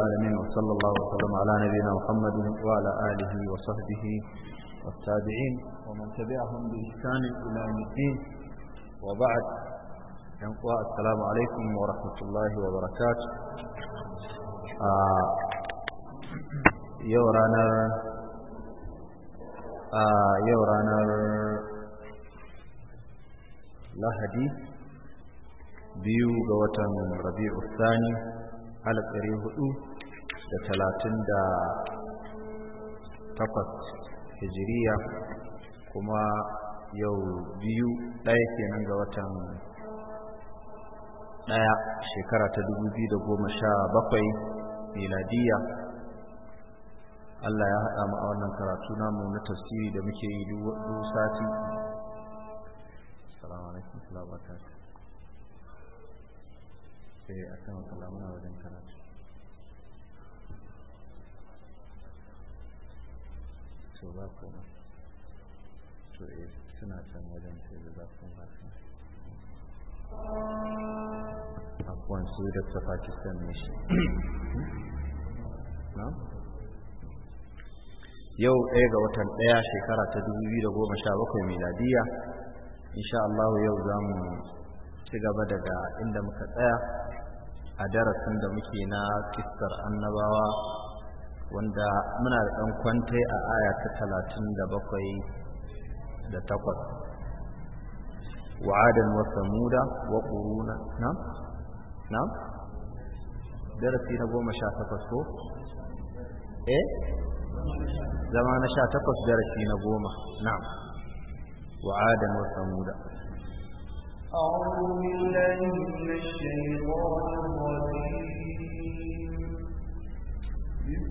العالمين وصلى الله وسلم على نبينا محمد وعلى آله وصحبه والتابعين ومن تبعهم بإحسان إلى يوم الدين وبعد ينقوى السلام عليكم ورحمة الله وبركاته آه يورانا آه يورانا لهدي biyu ga watan rabi'u sani alif ɗari da talatin da takwas hijiriya kuma yau biyu ɗaya kenan ga watan ɗaya shekara ta dubu biyu da goma sha bakwai miladiya Allah ya haɗa mu a wannan karatu namu na tasiri da muke yi duk sati alaikum salamu alaikum eh, a kan kalamuna wajen karatu so ba komai to eh suna can wajen sai da za su ba su akwai su da ta pakistan ne shi hmm? yau ɗaya ga watan ɗaya shekara ta 2017 miladiya insha Allah yau za mu ci gaba daga inda muka tsaya a darasin da muke na kistar annabawa wanda muna da ɗan kwantai a aya ta talatin da bakwai da takwas wa'adin wasa muda wa ƙuruna na? na? darasi na goma sha takwas ko? eh? zama na sha takwas darasi na goma na Wa'adin wasa muda أعوذ بالله من الشيطان الرجيم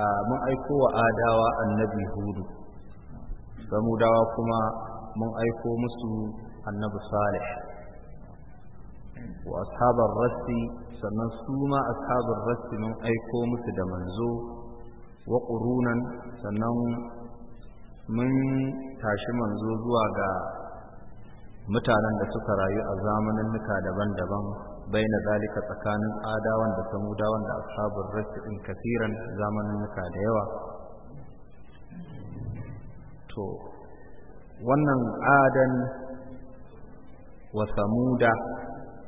A mun aiko wa adawa annabi hudu dawa kuma mun aiko musu annabi salih wa ashabar rassi sannan su ma ashabar rassi mun aiko musu da manzo wa ƙurunan sannan mun tashi manzo zuwa ga mutanen da suka rayu a zamanin daban-daban baina zalika tsakanin adawan da samudawan da ashabul rasul din kasiran zamaninnuka da yawa to wannan adan wa samuda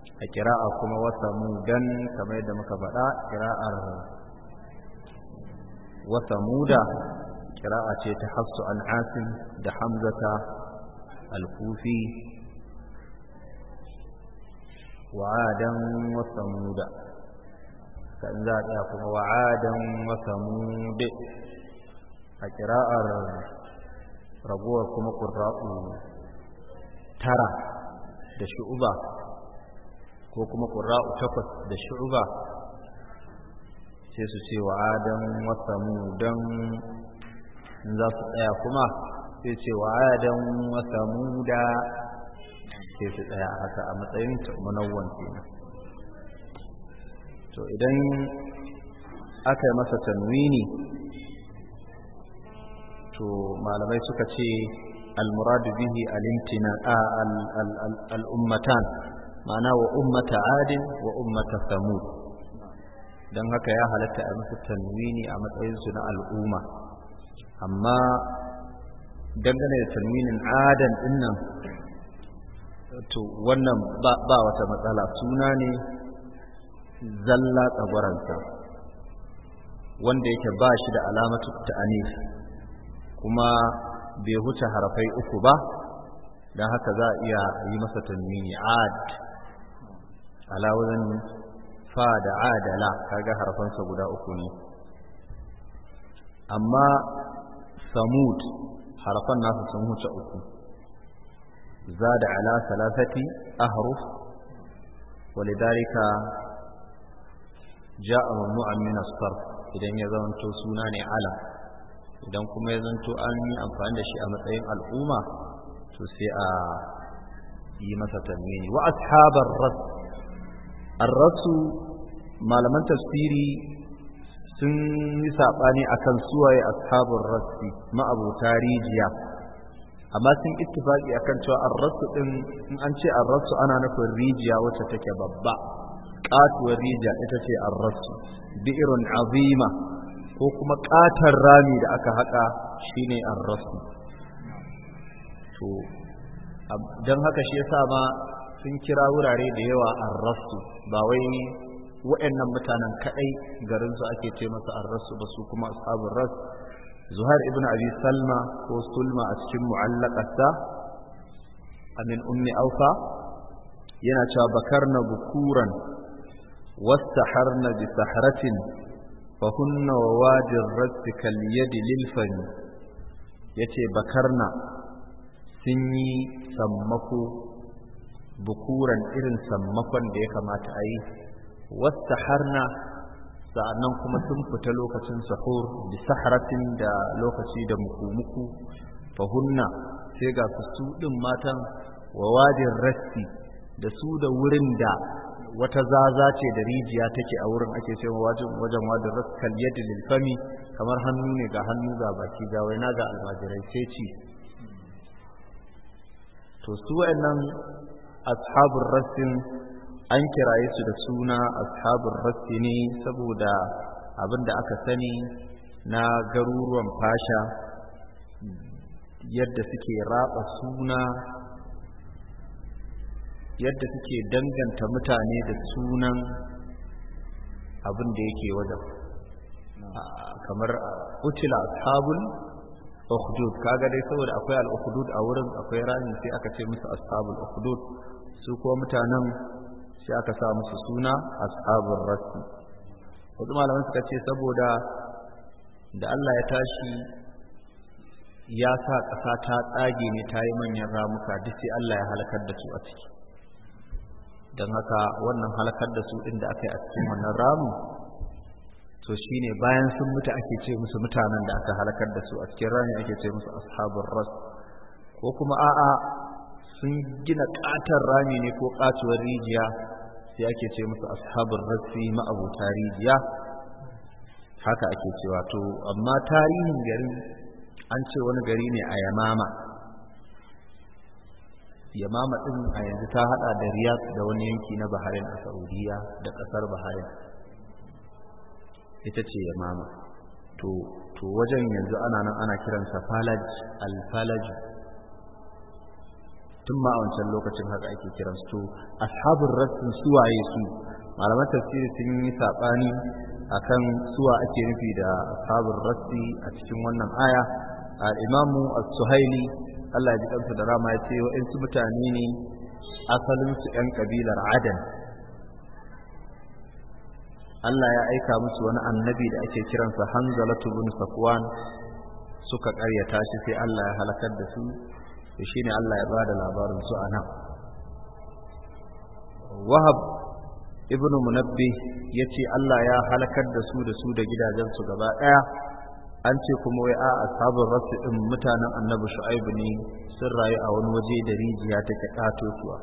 a kira'a kuma wa samudan kamar yadda muka faɗa kira'ar wa samuda kira'a ce ta hafsu an asim da hamzata al-kufi وعادا وثمود كان wa'adan يقول وعادا وثمود أقراء ربوة كما قراء ترى da shu'uba ko kuma ƙura'u takwas da shu'uba sai su ce wa'adan wa samudan in za su tsaya kuma sai ce wa'adan wa samuda sai su tsaya a haka a matsayin munawwan kenan to idan aka yi masa tanwini to malamai suka ce a به ma'ana wa ummata وأمة wa ummata samu. Don haka ya halatta a masa tanwini a matsayinsu na al'umma amma dangane da tanwinin adan dinnan to wannan ba wata matsala suna ne zalla tsagwaranta wanda yake ba shi da alamatu ta'anif kuma bai huce harafai uku ba don haka za a iya yi masa tanwini ad ala fa da adala kaga harfansa guda uku ne amma samud harfan nasa sun huce uku زاد على ثلاثة أحرف ولذلك جاء ممنوعا من الصرف idan ya zanto suna ne ala idan kuma ya zanto an yi amfani da shi a matsayin al'umma to sai a yi masa tanmini wa ashabar ras arrasu malaman tafsiri sun yi saɓani akan suwaye ashabar rasi ma'abuta rijiya amma sun ittifaqi akan cewa an rasu din in an ce an rasu ana nufin rijiya wacce take babba katuwar rijiya ita ce an rasu irin azima ko kuma ƙatar rami da aka haka shine an rasu to dan haka shi yasa ma sun kira wurare da yawa an rasu ba wai waɗannan mutanen kaɗai garin su ake ce masa an rasu ba su kuma asabar rasu zuhair ibn abi salma ko sulma a cikin mu'allaqarsa amin ummi aufa yana cewa bakarna bukuran واستحرن بسحرة فهن وواد الرد كاليد للفم يتي بكرنا سني سمكو بكورا إرن سمكو ديكا ما تأي واستحرنا sa'annan kuma sun fita lokacin sahur bi saharatin da lokaci da muku-muku fahunna sai ga su din ɗin matan wa wadin rasti da su da wurin da wata zaza ce da rijiya take a wurin ake cewa wajen wajen wadin yadi yadda fami kamar hannu ne ga hannu ga baki ga waina ga almajirai sai ci to su wa'annan ashabun rassin an kiraye su da suna ashabun rassi ne saboda abin da aka sani na garuruwan fasha yadda suke raba suna yadda suke danganta mutane da sunan abin da yake wajen kamar utila ashabul ukhdud kaga dai saboda akwai al-ukhdud a wurin akwai rami sai aka ce musu ashabul ukhdud su ko mutanen sai aka sa musu suna ashabur rasi wasu malaman suka ce saboda da Allah ya tashi ya sa ƙasa ta tsage ne ta yi manyan ramuka duk sai Allah ya halakar da su a ciki don haka wannan halakar da su inda aka yi a cikin wannan ramu to shine bayan sun mutu ake ce musu mutanen da aka halakar da su a cikin rami ake ce musu ashabun ras ko kuma a'a sun gina katon rami ne ko katuwar rijiya sai ake ce musu ashabin rassi ma'abuta rijiya haka ake cewa to amma tarihin gari an ce wani gari ne a yamama yamama din a yanzu ta hada da riyadh da wani yanki na Baharin a saudiya da kasar Baharin, ita ce yamama to to wajen yanzu ana nan ana kiransa falaj al-falaj tun ma a wancan lokacin haka ake kiran su ashabun rassin suwaye su malaman tafsiri sun yi saɓani akan suwa ake nufi da ashabun rassi a cikin wannan aya al-imamu as-suhaili Allah ya ji kansa da rama ya ce su mutane ne asalinsu 'yan kabilar adan Allah ya aika musu wani annabi da ake kiransa hanzalatu bin safwan suka ƙaryata shi sai Allah ya halakar da su shi ne Allah ya bada labarin su a nan wahab ibnu munabbi ya ce Allah ya halakar da su da su da gidajensu gaba ɗaya an ce kuma wai a ashabin rasu ɗin mutanen annabi shu'aibu ne sun rayu a wani waje da rijiya ta ke al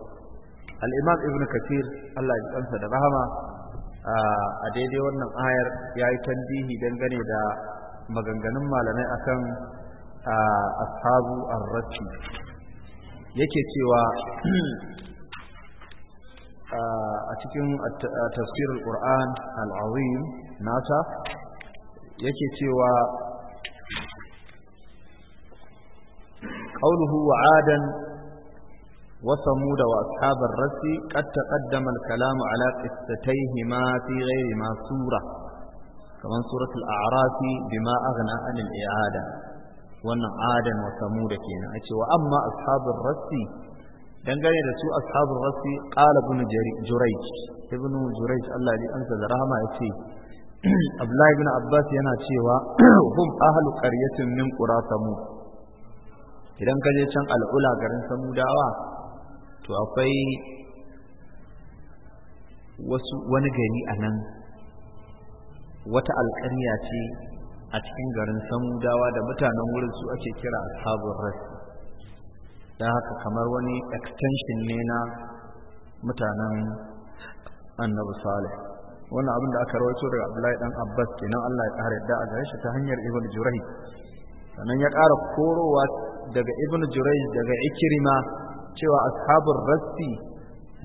al'imam ibn kafir Allah ya kansa da rahama a daidai wannan ayar ya yi dangane da maganganun malamai akan a ya arraki yake cewa a cikin tafsir al-qur'an al-azim nata yake cewa qauluhu wa adan wa samuda wa ashab ar-rasi qad taqaddama al-kalam ala qissatayhi ma fi ghayri ma sura kaman surat al-a'raf bima aghna an al-i'ada wannan adan wa samuda kenan a cewa amma ashabin rassi dangane da su ashabin rassi qala ibn jurayj ibn jurayj Allah ya ansa da rahama yace ce Abdullahi ibn Abbas yana cewa hum ahlu qaryatin min qura samud idan ka je can al'ula garin samudawa to akwai wasu wani gari a nan wata alƙarya ce a cikin garin samudawa da mutanen wurin su ake kira ashabun rasi don haka kamar wani extension ne na mutanen annabi salih wannan abin da aka rawaito daga abdullahi dan abbas kenan allah ya kara yadda a gare shi ta hanyar ibn jurai sannan ya kara korowa daga ibn jurai daga ikirima cewa ashabun rasi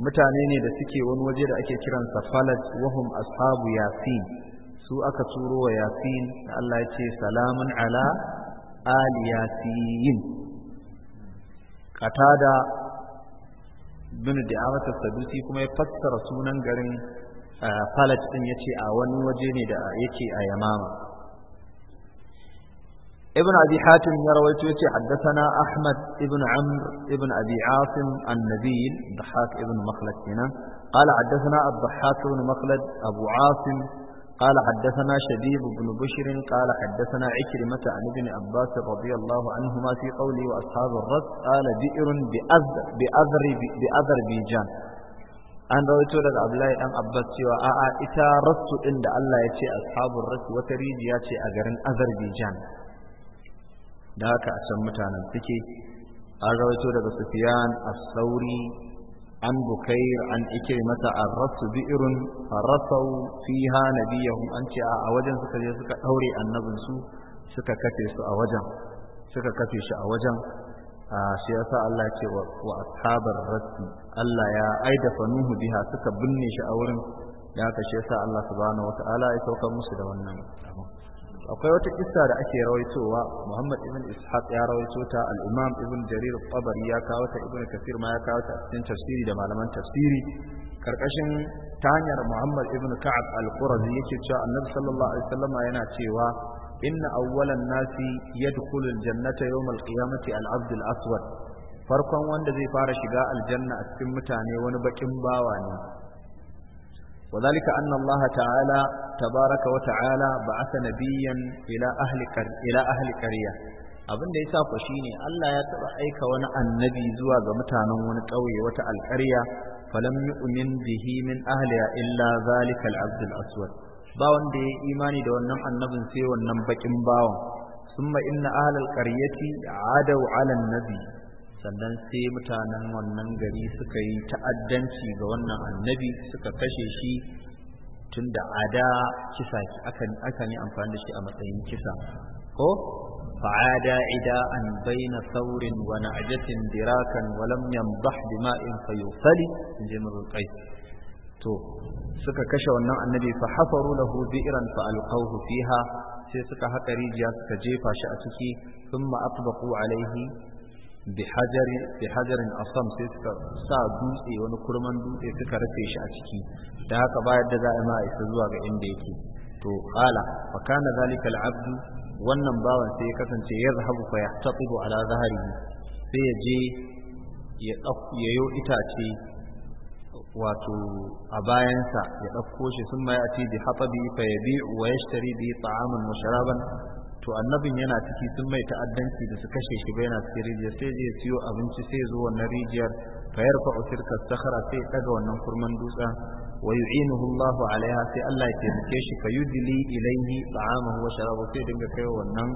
mutane ne da suke wani waje da ake kiransa falas wahum ashabu yasin su aka turo wa yasin da Allah ya ce salamun ala ali yasin qatada bin da'awat sadusi kuma ya fassara sunan garin falat din yace a wani waje ne da yake a yamama ابن أبي حاتم يروي تويتي حدثنا أحمد ابن عمرو ابن أبي عاصم النبيل ضحاك ابن مخلد هنا قال حدثنا الضحاك بن مخلد أبو عاصم قال حدثنا شبيب بن بشر قال حدثنا عكرمة عن ابن عباس رضي الله عنهما في قوله وأصحاب الرد قال بئر بأذر بأذر بيجان an rawaito daga Abdullahi dan Abbas cewa a'a ita rassu ɗin da Allah ya ce ashabul rassu wata rijiya ce a garin Azerbaijan da haka a can mutanen suke an rawaito daga Sufyan a sauri عن بكير عن إكرمة الرس بئر رصوا فيها نبيهم أنت أوجن سكا سكا أوري النبن سو سكا كتي سو أوجن سكا كتي سو أوجن سياسة الله يتي وأصحاب الرس الله يا أيد فنوه بها سكا بني شأورن لك سياسة الله سبحانه وتعالى يتوقع مسلم ونعم akwai wata kissa da ake rawaitowa Muhammad ibn Ishaq ya rawaito ta al-Imam ibn Jarir al-Tabari ya kawo ta ibn Kathir ma ya kawo ta cikin tafsiri da malaman tafsiri karkashin ta hanyar Muhammad ibn Ka'ab al-Qurazi yake cewa Annabi sallallahu alaihi wasallam yana cewa inna awwalan nasi yadkhulu al-jannata yawm al-qiyamati al-'abd al-aswad farkon wanda zai fara shiga aljanna a cikin mutane wani bakin bawa ne وذلك أن الله تعالى تبارك وتعالى بعث نبيا إلى أهل إلى أهل قرية abin da ya sa ku shine Allah ya taba aika wani annabi zuwa ga mutanen wani ƙauye wata alƙarya falam yu'min bihi min ahliya illa zalika al-abd al-aswad ba wanda ya imani da wannan annabin sai wannan bakin bawan summa inna ahlal qaryati adaw 'ala an-nabi sannan sai mutanen wannan gari suka yi ta'addanci ga wannan annabi suka kashe shi tun da ada kisa aka yi amfani da shi a matsayin kisa ko fa'ada an baina saurin wa na'jatin dirakan wa lam yanbah bima'in fayusali in ji to suka kashe wannan annabi fa hafaru lahu bi'ran fa alqawhu fiha sai suka haƙa rijiya suka jefa shi a ciki thumma atbaqu alaihi bi hajarin asam sai suka sa dutse wani kurman dutse suka rufe shi a ciki da haka bayar da za a ma isa zuwa ga inda yake to ala fa kana zalika al wannan bawan sai ya kasance ya zahabu fa yahtaqibu ala zahrihi sai ya je ya yayo itace wato a bayansa ya ɗauko shi sun mai a ci bi haɓabi fa ya bi wa ya shari bi ta'amun masharaban to annabin yana ciki sun mai ta'addanci da su kashe shi bai yana cikin rijiya sai je siyo abinci sai zo wannan rijiyar fayar fa usirka sakhara sai daga wannan kurman dutsen wa yu'inuhu Allahu alaiha sai Allah ya taimake shi fa yudli ilayhi ta'amahu wa sharabahu sai dinga kai wannan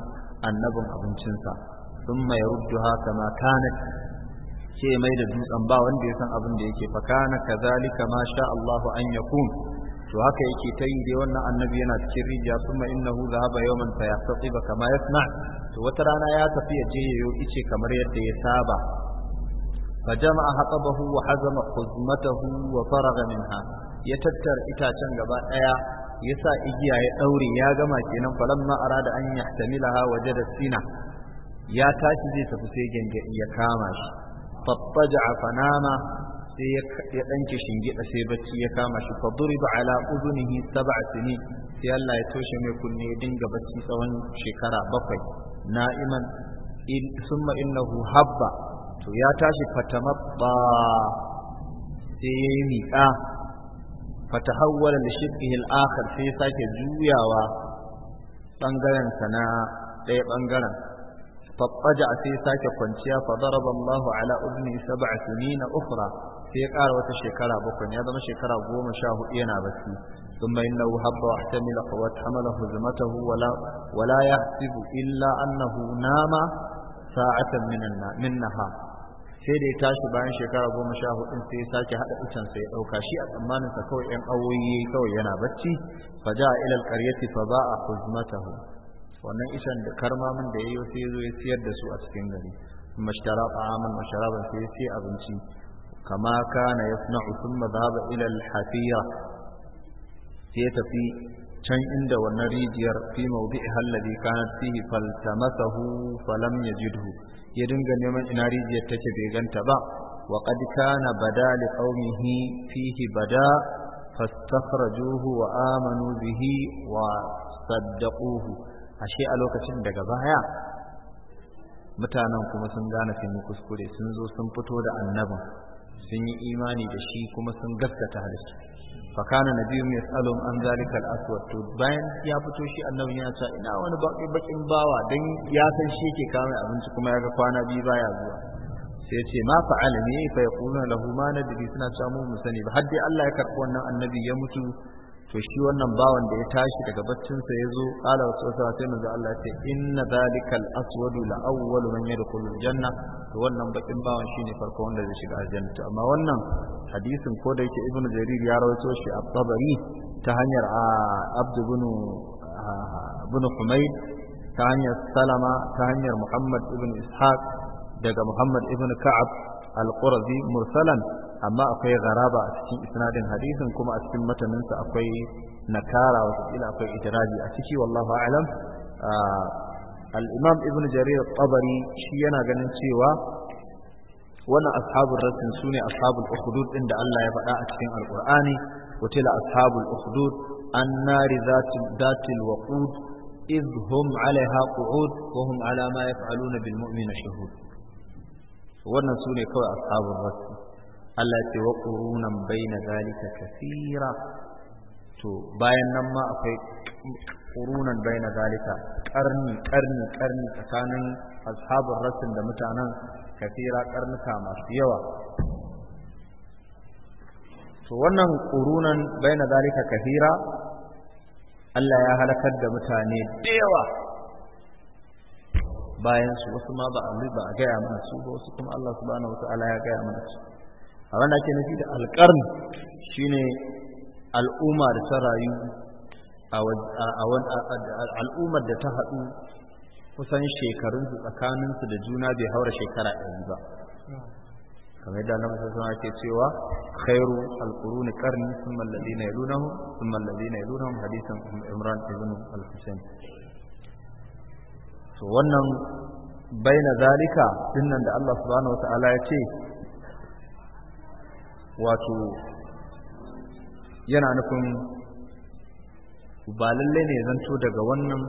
annabin abincinsa thumma yarudduha kama kanat ce mai da dutsen ba wanda ya san abin da yake fa kana kadhalika ma sha Allahu an yakun to haka yake ta yi dai wannan annabi yana cikin rijiya kuma innahu zahaba yawman fa ba kama yasna to wata rana ya tafi ya je yayo ice kamar yadda ya saba fa jama'a haqabahu wa hazama khuzmatahu wa faraga minha ya tattar itacen gaba daya ya sa igiya ya daure ya gama kenan falamma arada an yahtamilaha wajada sina ya tashi zai tafi sai gangadi ya kama shi fattaja fanama sai ya ɗanke shingida sai bacci ya kama shi fa duriba ala udunihi sab'a sini sai Allah ya toshe mai kunne ya dinga bacci tsawon shekara bakwai na'iman summa innahu habba to ya tashi fatamabba sai ya yi miƙa fatahawwala da shibhihi al-akhir sai ya sake juyawa bangaren sa na ɗaya bangaren فاضطجع في ساك كونشيا فضرب الله على أذنه سبع سنين أخرى sai ya ƙara wata shekara bakwai ya zama shekara goma sha hudu yana bacci ثم إنه هب واحتمل واتحمل هزمته ولا, ولا يحسب إلا أنه نام ساعة من, من sai da ya tashi bayan shekara goma sha hudu sai ya sake haɗa itan sai ya ɗauka shi a tsammanin sa kawai 'yan awoyi kawai yana bacci fa ja'a ila alqaryati fa ba'a huzmatahu wannan itan da karmamin da yayi sai ya zo ya siyar da su a cikin gari mashtara ta'aman wa sharaban sai ya siya abinci kama kana yasna'u thumma dhaba ila al-hafiya sai ya tafi can inda wannan rijiyar fi mawdi'iha alladhi kanat fihi faltamasahu falam yajidhu ya dinga neman ina rijiyar take bai ganta ba wa qad kana bada li qaumihi fihi bada fastakhrajuhu wa amanu bihi wa saddaquhu ashe a lokacin daga baya mutanen kuma sun gane sun kuskure sun zo sun fito da annabin sun yi imani da shi kuma sun gaskata da shi fakana mai tsalo an zalikar aswad to bayan ya fito shi annabi ya ce ina wani bakin bawa don ya san shi yake kawo abinci kuma ya ga kwana biyu baya zuwa sai ce ma fa'ala ne fa yaquluna lahu ma nadri suna samun musani ba har dai Allah ya karɓi wannan annabi ya mutu to shi wannan bawan da ya tashi daga baccinsa ya zo ƙala wasu wasu sai manzo Allah ce inna zalikal aswadu la awwalu man yadkhulul janna to wannan bakin bawan shine farko wanda zai shiga aljanna to amma wannan hadisin ko da yake ibnu jarir ya rawaito shi a tabari ta hanyar abd ibn ibn humayd ta hanyar salama ta hanyar muhammad ibn ishaq daga muhammad ibn ka'ab al-qurazi mursalan amma akwai garaba a cikin isnadin hadisin kuma a cikin mataninsa akwai nakara watakila akwai itirazi a ciki wallahu a'lam al-imam ibn jarir tabari shi yana ganin cewa wannan ashabul rasul sune ashabul ukhdud din da Allah ya faɗa a cikin alqur'ani qutila ashabul ukhdud annari zatil zatil waqud idh hum 'alayha qu'ud wa hum 'ala ma yaf'aluna bil mu'mina shuhud wannan sune kawai Allah ce wa ƙurunan bai na zalika kafira, to bayan nan ma akwai ƙurunan bai na zalika karni karni karni tsakanin ashabul rasul da mutanen kafira karnuka masu yawa to wannan ƙurunan bai na zalika kafira, Allah ya halakar da mutane da yawa bayan su wasu ma ba a ba a gaya mana su ba wasu kuma Allah subhanahu wataala ya gaya mana su abin da ake nufi da alƙarni shine al'umma da ta rayu al'ummar da ta haɗu kusan shekarunsu tsakaninsu da juna bai haura shekara ɗari ba kamar yadda annabi sallallahu alaihi wasallam cewa khairu alquruni qarni thumma alladhina yalunahum thumma alladhina yalunahum hadisan imran ibn al-husayn to wannan baina zalika dinnan da Allah subhanahu Ta'ala ya ce wato yana nufin ba lallai ne zanto daga wannan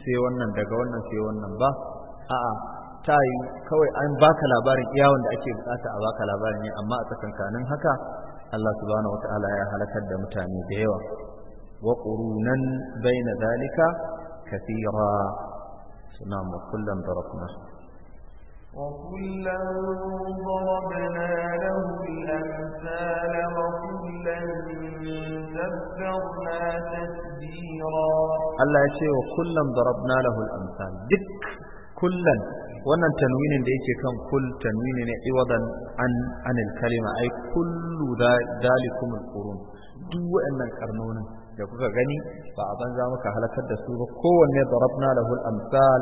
sai wannan daga wannan sai wannan ba a'a ta yi kawai an baka labarin iya wanda ake bukata a baka labarin ne amma a tsakankanin haka Allah subhanahu wata'ala ya halakar da mutane da yawa wa qurunan baina zalika kathira sunan wa kullum da وكلا ضربنا له الأمثال وكلا دبرنا تدبيرا الله يشيء وكلا ضربنا له الأمثال دك كلا wannan tanwinin da yake kan kul tanwini ne iwadan an anil kalima ai kullu dalikum alqurun duk wa'annan karnonin da kuka gani ba a banza muka halakar da su ba kowanne darabna lahul amsal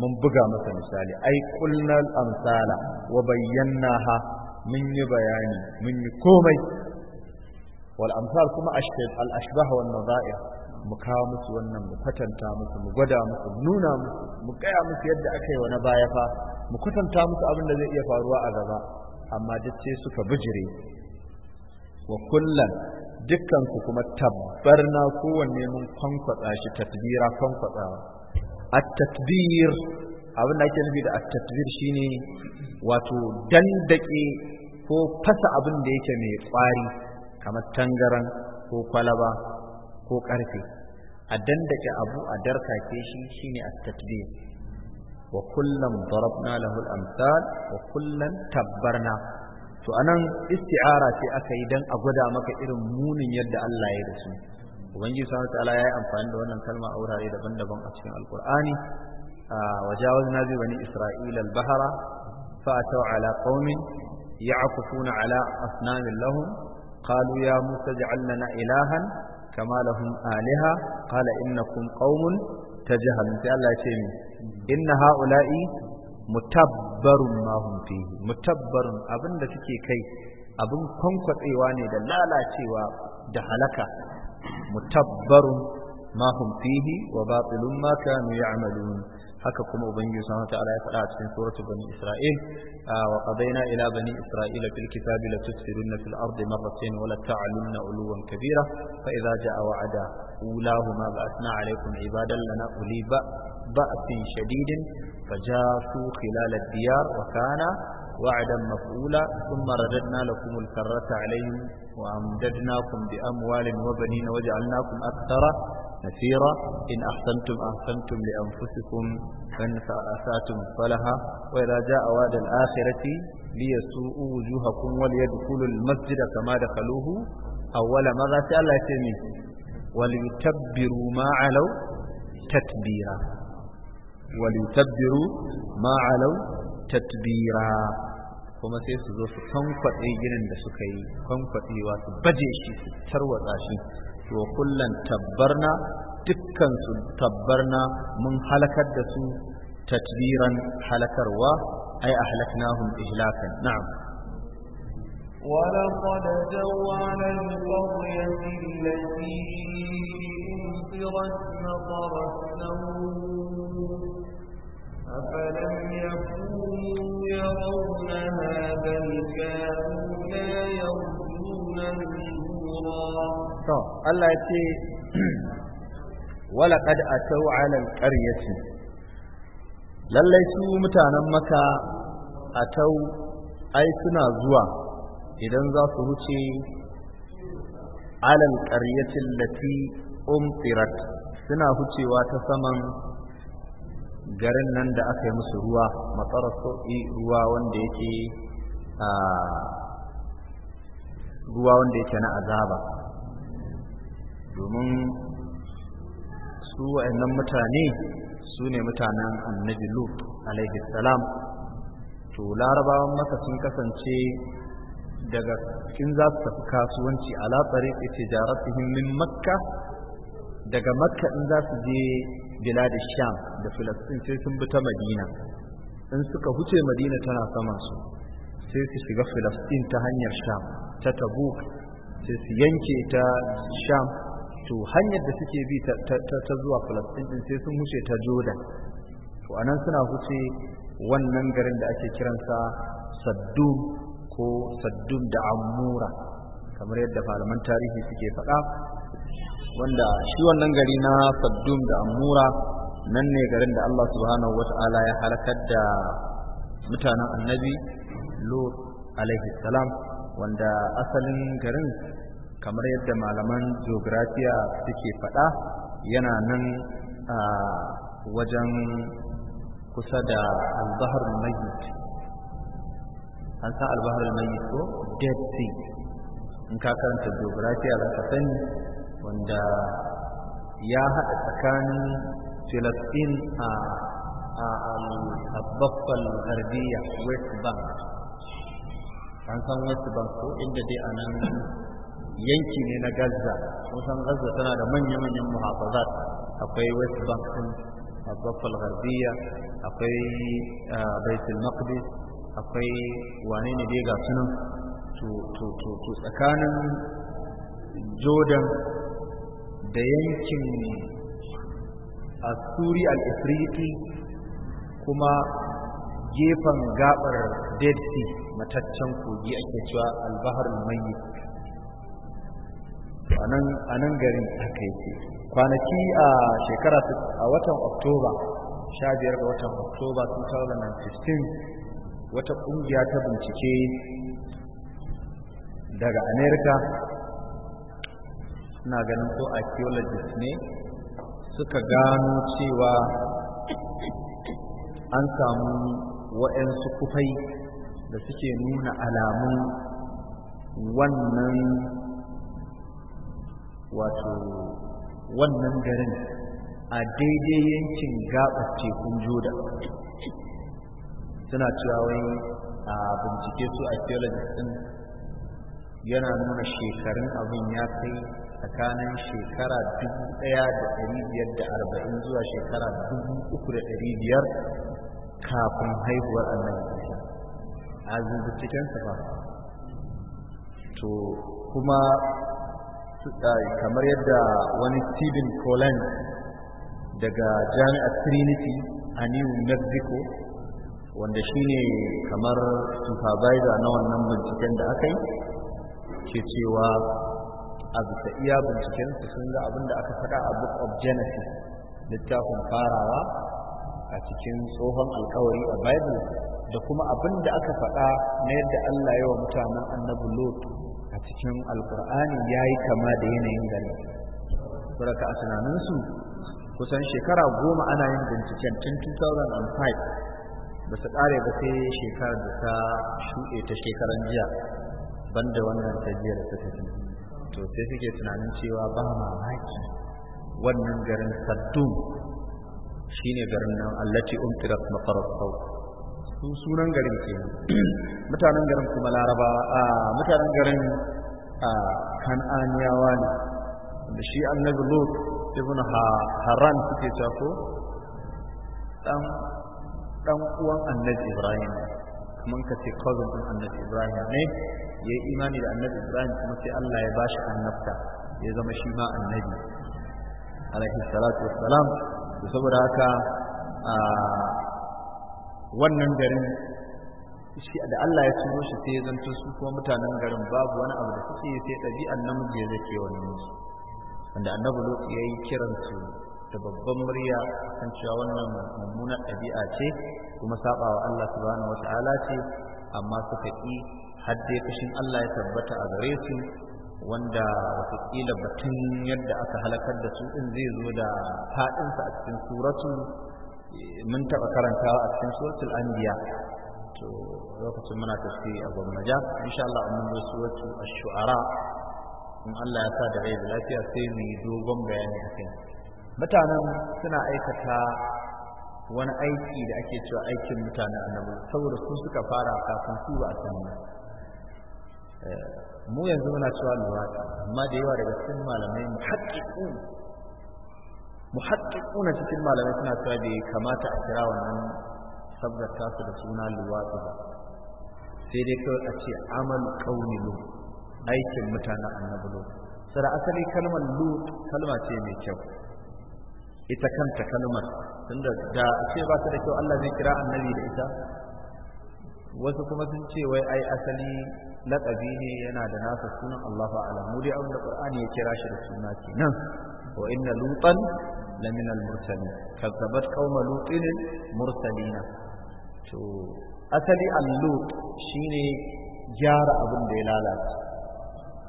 mun buga masa misali ai kullal amsala wa ha mun yi bayani mun yi komai wal amsal kuma al ashbah wal nadha'ir mu kawo musu wannan mu kwatanta musu mu gwada musu mu nuna musu mu kaya musu yadda aka yi wa na baya fa mu kwatanta musu abin da zai iya faruwa a gaba amma duk sai suka bijire wa kullan dukkan ku kuma tabbarna kowanne mun kwankwatsa shi tadbira kwankwatsawa at-tatbir abin da ake nufi da at-tatbir shine wato dandake ko fasa abin da yake mai kwari kamar tangaran ko kwalaba ko karfe a dandake abu a darkake shi shine at-tatbir wa kullum darabna lahu al-amsal wa kullum tabbarna to anan isti'ara ce aka yi dan a gwada maka irin munin yadda Allah ya da su ubangiji sa ta'ala ya yi amfani da wannan kalma a wurare daban-daban a cikin alkur'ani a na bi bani isra'ila al-bahra fa ataw ala qaumin ya'kufuna ala asnamin lahum qalu ya musa ij'al lana ilahan kama lahum alaha qala innakum qaumun tajhalun sai Allah ya ce ni inna ha'ula'i mutabbarun ma hum fihi mutabbarun abinda suke kai abin kwankwatsewa ne da lalacewa da halaka متبر ما هم فيه وباطل ما كانوا يعملون حكم أبنجي سبحانه وتعالى يفعل في سورة بني إسرائيل آه، وقضينا إلى بني إسرائيل في الكتاب لتفسدن في الأرض مرتين ولتعلن علوا كبيرا فإذا جاء وعدا أولاهما بأثنى عليكم عبادا لنا أولي بأس شديد فجاسوا خلال الديار وكان وعدا مفعولا ثم رددنا لكم الكرة عليهم وأمددناكم بأموال وبنين وجعلناكم أكثر نفيرا إن أحسنتم أحسنتم لأنفسكم فإن فأساتم فلها وإذا جاء وعد الآخرة ليسوءوا وجوهكم وليدخلوا المسجد كما دخلوه أول مرة سأل تمي وليتبروا ما علوا تتبيرا وليتبروا ما علوا تتبيرا kuma sai su zo su kwankwaɗe ginin da suka yi kwankwaɗewa su baje shi su tarwatsa shi to kullum tabbarna dukkan su tabbarna mun halakar da su tatbiran halakarwa ai ahlaknahum ihlakan na'am ولقد جوانا القرية التي أمطرت مطر السوء أفلم يكونوا يرونها بل كانوا لا يرجون نشورا الله يتي ولقد أتوا على القرية lallai su mutanen maka a tau ai suna zuwa idan za su wuce alal ƙaryatin lati umtirat suna hucewa ta saman garin nan da aka yi musu ruwa matsara ruwa wanda yake ruwa wanda yake na azaba domin su wa'annan mutane su ne mutanen annabi lut alaihi salam to larabawan masa sun kasance daga cikin za su tafi kasuwanci ala tsari ita min makka daga makka in za su je bilad sham da filastin sai sun bi ta madina in suka huce madina tana sama su sai su shiga filastin ta hanyar sham ta tabuk sai su yanke ta sham to hanyar da suke bi ta zuwa filastin din sai sun huce ta jordan to anan suna huce wannan garin da ake kiransa saddum ko saddum da amura kamar yadda malaman tarihi suke faɗa wanda shi wannan gari na saddum da amura nan ne garin da Allah subhanahu wata'ala ya halakar da mutanen annabi lut alaihi salam wanda asalin garin kamar yadda malaman geografiya suke faɗa yana nan a wajen kusa da albahar mayit an san albahar mayit ko dead sea in ka karanta geografiya za ka sani wanda ya haɗa tsakanin filistin a al-baffal um, garbiya west bank an san west bank ko inda dai a nan yanki ne na gaza kun san gaza tana da manya-manyan muhafazat akwai west bank din al gardiya garbiya akwai baitul maqdis akwai wane ne dai ga sunan to tsakanin jordan da yankin asturi al-ifriti kuma gefen gabar dead sea mataccen kogi ake cewa albahar mai a nan anan garin aka yi. kwanaki a shekara a watan oktoba 15 ga watan oktoba 2015 wata kungiya ta bincike daga america Suna ganin ko archaeologist ne suka gano cewa an samu waɗansu kufai da suke nuna alamun wannan wato wannan garin a daidai yankin gaɓar tekun juda. suna cewa wai a bincike su archaeologist din yana nuna shekarun abin ya kai tsakanin shekara 1540 zuwa shekara biyar kafin haihuwar annabi isa a zubuttukensa ba to kuma kamar yadda wani steven Collins daga jami'ar Trinity a New Mexico wanda shine kamar supervisor na wannan binciken da aka yi ke cewa a bisa iya bincikensu sun ga abin da aka faɗa a book of genesis littafin farawa a cikin tsohon alkawari a bible da kuma abin da aka faɗa na yadda allah yawa mutanen annabi lot a cikin alkur'ani ya yi kama da yanayin gari saboda a tunaninsu kusan shekara goma ana yin binciken tun 2005 ba su ƙare ba sai shekarar da ta shuɗe ta shekaran jiya banda wannan tajiyar da ta tafi to sai suke tunanin cewa ba mamaki wannan garin saddum shine garin nan allati umtirat mafarar sau su sunan garin kenan mutanen garin kuma laraba a mutanen garin a kan'aniyawa ne da shi annabi lut ibn haran suke cewa ko dan uwan annabi ibrahim kamar ka ce cousin din annabi ibrahim ne ya yi imani da annabi ibrahim kuma sai allah ya bashi annabta ya zama shi ma annabi alaihi salatu wassalam da saboda haka a wannan garin shi da Allah ya tuno shi sai ya zanto su kuma mutanen garin babu wani abu da suke sai ɗabi'an namiji ya zake wani musu wanda annabi lokaci ya yi kiran da babban murya kan cewa wannan mummunar ɗabi'a ce kuma saba wa Allah subhanahu ala ce amma suka ƙi hadde kashin Allah ya tabbata a gare su wanda watakila batun yadda aka halakar da su ɗin zai zo da faɗinsa a cikin suratu mun taɓa karantawa a cikin suratul anbiya to lokacin muna tafsiri a gwamnaja insha Allah mun zo suratu ash-shu'ara in Allah ya sa da rai da lafiya sai mu yi dogon bayani akan mutanen suna aikata wani aiki da ake cewa aikin mutane annabi saboda su suka fara kafin su ba a sani eh, mu yanzu muna cewa luwaɗi amma da yawa daga cikin malamai muhaqqiqun na cikin malamai suna cewa bai kamata a kira wannan sabgar tasu da suna luwaɗi ba sai dai kawai a ce amal qaumi lu aikin mutanen annabi lu sara asali kalmar lu kalma ce mai kyau ita kanta kalmar tunda da ce ba ta da kyau Allah zai kira annabi da ita wasu kuma sun ce wai ai asali laƙabi ne yana da nasa sunan Allah fa'ala mu dai Qur'ani ya kira shi da suna kenan wa inna lutan lamin al-mursalin kazzabat qauma lutin mursalina to asali al-lut shine gyara abin da ya lalace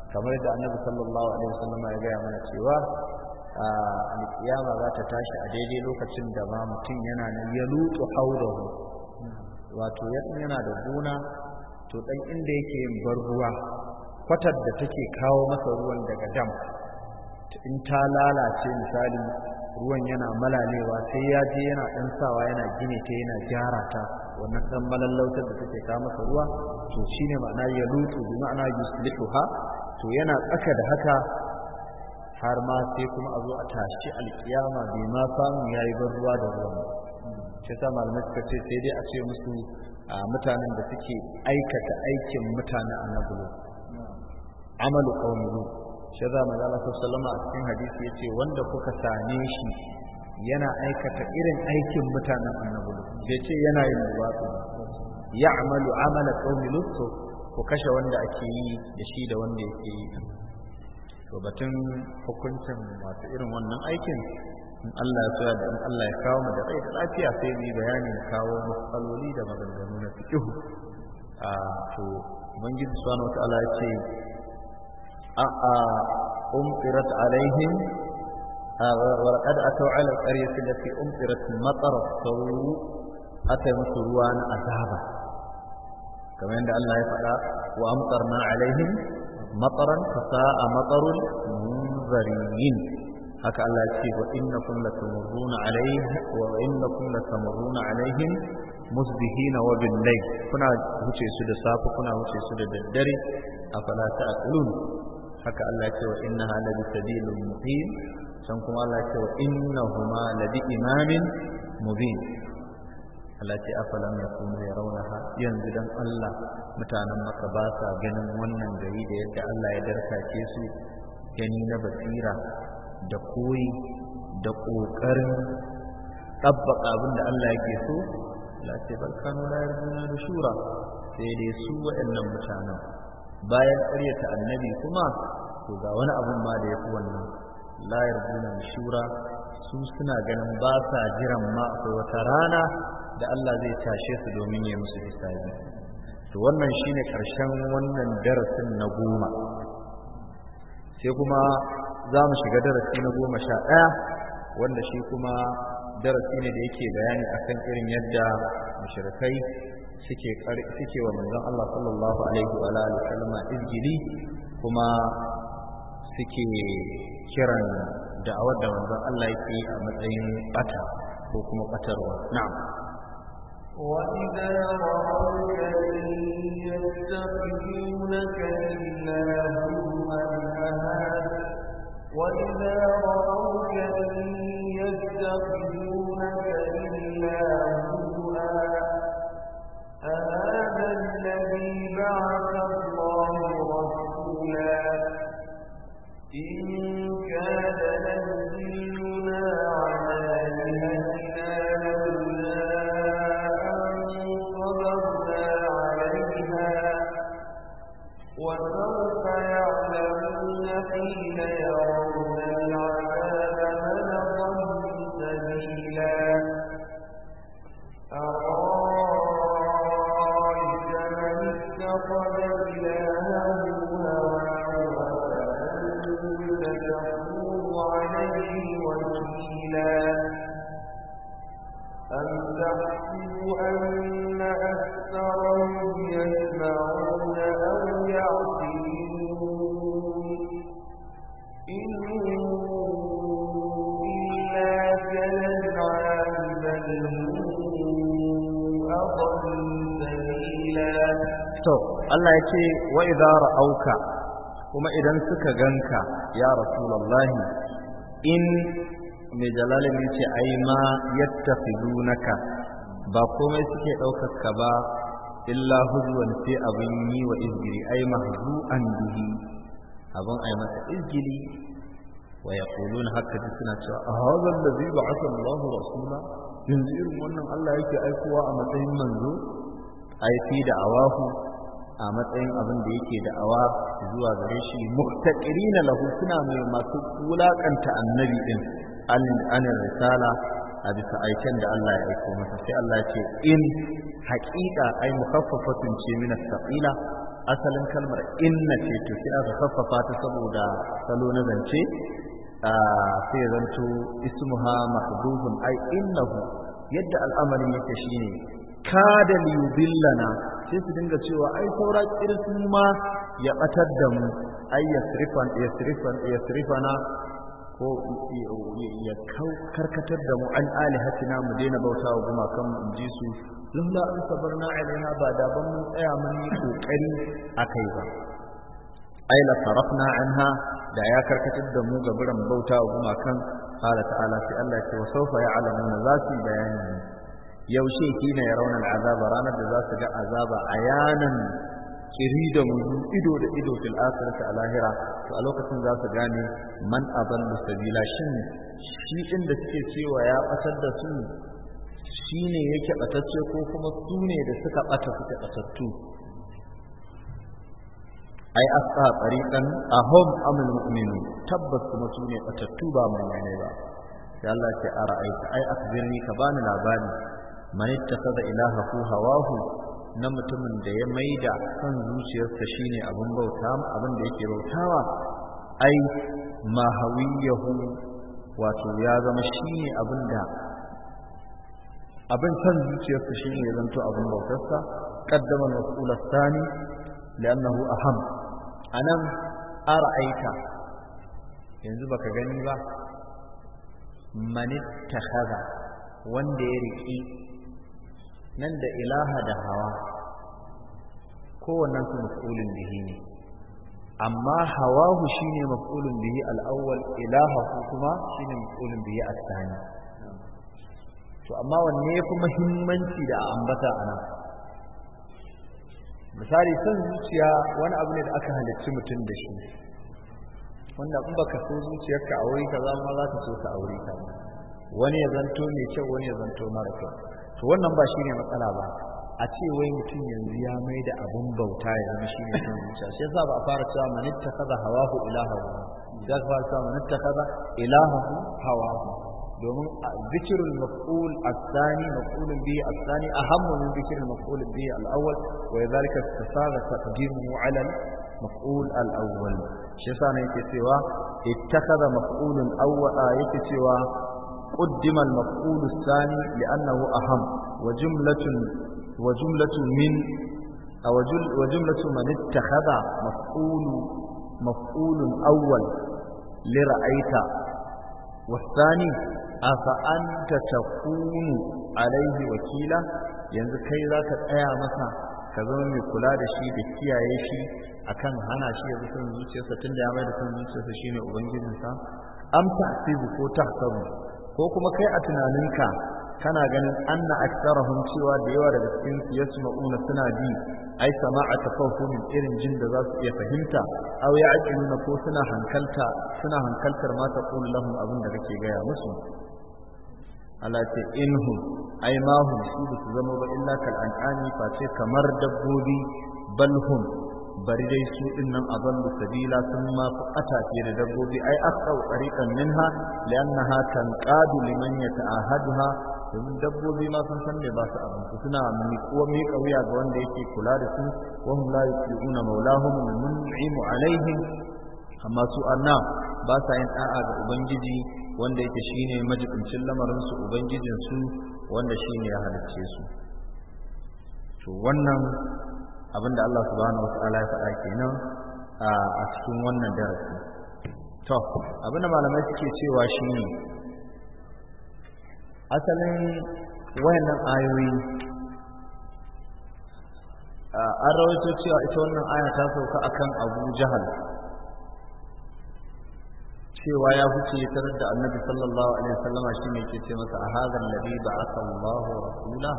kamar da Annabi sallallahu alaihi wasallam ya gaya mana cewa alƙiyama za ta tashi a daidai lokacin da ma mutum yana nan ya lutu haurahu wato yana da gona to ɗan inda yake yin ruwa kwatar da take kawo masa ruwan daga dam in ta lalace misali ruwan yana malalewa sai ya je yana ɗan sawa yana gine ta yana gyara ta wannan ɗan malallautar da take kawo masa ruwa to shine ma'ana ya lutu bi ma'ana yuslihuha to yana tsaka da haka har ma sai kuma a zo a tashi alkiyama bai ma samu ya yi ruwa da ruwan shi sa malamai suka ce sai dai a ce musu mutanen da suke aikata aikin mutane a nagulo amalu kaumuru shi za mu zama a cikin hadisi ya ce wanda kuka same shi yana aikata irin aikin mutanen annabulu bai ce yana yin ruwa ba ya amalu amala kaumulu ko ku kashe wanda ake yi da shi da wanda yake yi to batun hukuncin masu irin wannan aikin in Allah ya da in Allah ya kawo mu da rai da lafiya sai mu bayani kawo matsaloli da maganganu na fiqh a to ubangiji subhanahu wataala ya ce a a umtirat alaihim ولقد أتوا على القرية التي أمطرت مطر السوء أتى مسروان أذابا كما عند الله يفعل وأمطرنا عليهم matsaran fasa a matsarun munzariyin haka Allah ce wa innakum latamurruna alaihi wa innakum latamurruna alaihim musbihina wa bin layl kuna huce su da safe kuna huce su da daddare afala ta'qilun haka Allah ce wa innaha la bisabilun muqim can kuma Allah ce wa innahuma labi bi imamin mubin Allah ce afalam yakunu yarawnaha yanzu dan Allah mutanen maka ba sa ganin wannan gari da yadda Allah ya ke su gani na basira da koyi da kokarin tabbaka abin da Allah yake so Allah ce bal kanu la da shura, sai dai su waɗannan mutanen bayan ƙaryata annabi kuma to ga wani abun ma da yafi wannan la da shura su suna ganin ba sa jiran ma akwai wata rana da Allah zai tashe su domin ya musu hisabi to wannan shine karshen wannan darasin na goma sai kuma za mu shiga darasi na goma sha ɗaya wanda shi kuma darasi ne da yake bayani akan irin yadda mushrikai suke suke wa manzon Allah sallallahu alaihi wa alihi sallama izgili kuma suke kiran da'awar da manzon Allah yake a matsayin bata ko kuma batarwa na'am وإذا رأوك إن يتخذونك إلا هزوا أهذا وإذا رأوك إن يتخذونك إلا هزوا أهذا الذي بعث الله رسولا إن كاد لنزلنا ce wa idza ra'auka kuma idan suka ganka ya rasulullahi in mai jalalin ce ai ma yattafidunaka ba komai suke ɗaukar ka ba illa huzwan sai abin yi wa izgiri aima mahzu'an bihi abin ai masa izgiri wa yaquluna haka ji suna cewa a hadha allazi ba'atha Allahu rasula yanzu irin wannan Allah yake aikowa a matsayin manzo ai fi da awahu a matsayin abin da yake da'awa zuwa gare shi na lahu suna mai masu wulaƙanta annabi din an risala a bisa aiken da Allah ya aiko masa sai Allah ce in haƙiƙa ai mukhaffafatun ce min as asalin kalmar inna ce to sai aka khaffafa ta saboda salo na zance sai zanto ismuha mahdufun ay innahu yadda al'amarin yake shine kada liyudillana sai su dinga cewa ai saura kirsin ma ya batar da mu ai yasrifan ya ko ya karkatar da mu an alihatina mu daina bauta wa gumakan mu ji su lalla an sabarna alaiha ba da ban mun tsaya mun yi kokari akai ba ai la tarafna anha da ya karkatar da mu ga biran bauta wa gumakan qala ta'ala sai Allah ya ce wa sawfa ya'lamuna za su bayani yaushe kina ya raunar azaba ranar da za su ga azaba a yanan kiri da muzu ido da ido fil akhirati a to a lokacin za su gane man adallu sabila shin shi din da suke cewa ya batar da su shi ne yake batacce ko kuma su ne da suka bata suka batattu ai asqa tariqan ahum amul mu'minin tabbas kuma su ne batattu ba mai ba sai Allah ya ce a ai akhbirni ka bani labari man ittakhadha ilahahu hawahu na mutumin da ya maida zuciyarsa shine abin bauta abin da yake bautawa ai mahawiyahu wato ya zama shine abin da abin son zuciyarsa shine ya zanto abin bautarsa qaddama al-mas'ul ath-thani li'annahu aham anan ara'aita yanzu baka gani ba man ittakhadha wanda ya riƙi nan da ilaha da hawa kowannen su maf'ulun bihi ne amma hawahu shine maf'ulun bihi al'awwal, Ilaha ilahahu kuma shine maf'ulun bihi a tsani to amma wanne ya fi muhimmanci da ambata ana misali son zuciya wani abu ne da aka halicci mutum da shi wanda in baka so zuciyarka a wuri za ma za ka so ka aure ka. wani ya zanto mai kyau wani ya zanto mara kyau to wannan ba shine matsala ba a ce wai mutum yanzu ya mai da abun bauta ya zama shi ne son zuciya shi yasa ba a fara cewa man ittakhadha hawahu ilahahu da ka fara cewa man ittakhadha ilahahu hawahu domin zikirul maf'ul as-thani maf'ulun biyu as-thani ahammu min zikril maf'ul bihi al-awwal wa yadhalika tasaga fara 'ala al-maf'ul al-awwal shi yasa ne yake cewa ittakhadha maf'ulun awwala yake cewa قدم المفعول الثاني لأنه أهم وجملة وجملة من أو وجملة من اتخذ مفعول مفعول أول لرأيت والثاني أفأنت تكون عليه وكيلا yanzu kai za ka tsaya masa ka zama mai kula da shi da kiyaye shi akan hana shi ya son zuciyarsa tunda ya mai da son zuciyarsa shine ubangijinsa amsa sai ko tahsabu ko kuma kai a tunaninka kana ganin anna aktarahum cewa da yawa daga cikin su yasma'una suna bi ai sama'a tafahumi irin jin da za su iya fahimta aw ya'qiluna ko suna hankalta suna hankaltar ma taqulu lahum abin da kake gaya musu ala ta inhum ai ma hum su zama ba illa kal an'ami face kamar dabbobi bal hum bari dai su din nan da sabila sun ma fi ata da dabbobi ai asau tariqan minha kan tanqadu liman ha domin dabbobi ma sun san me ba su abinci suna miƙo mai wuya ga wanda yake kula da su wa hum la yuqiluna maulahum mun'imu alaihim amma su anna ba sa yin da'a ga ubangiji wanda yake shine majibincin lamarin su ubangijin su wanda shine ya halicce su to wannan abinda Allah subhanahu wataala ya faɗa kenan a cikin wannan darasi to abinda malamai suke cewa shine asalin wayannan ayoyi an rawaito cewa ita wannan aya ta sauka akan Abu Jahal cewa ya huce ya tarar da Annabi sallallahu alaihi wasallama shine ke ce masa a hadha alladhi ba'atha Allahu rasula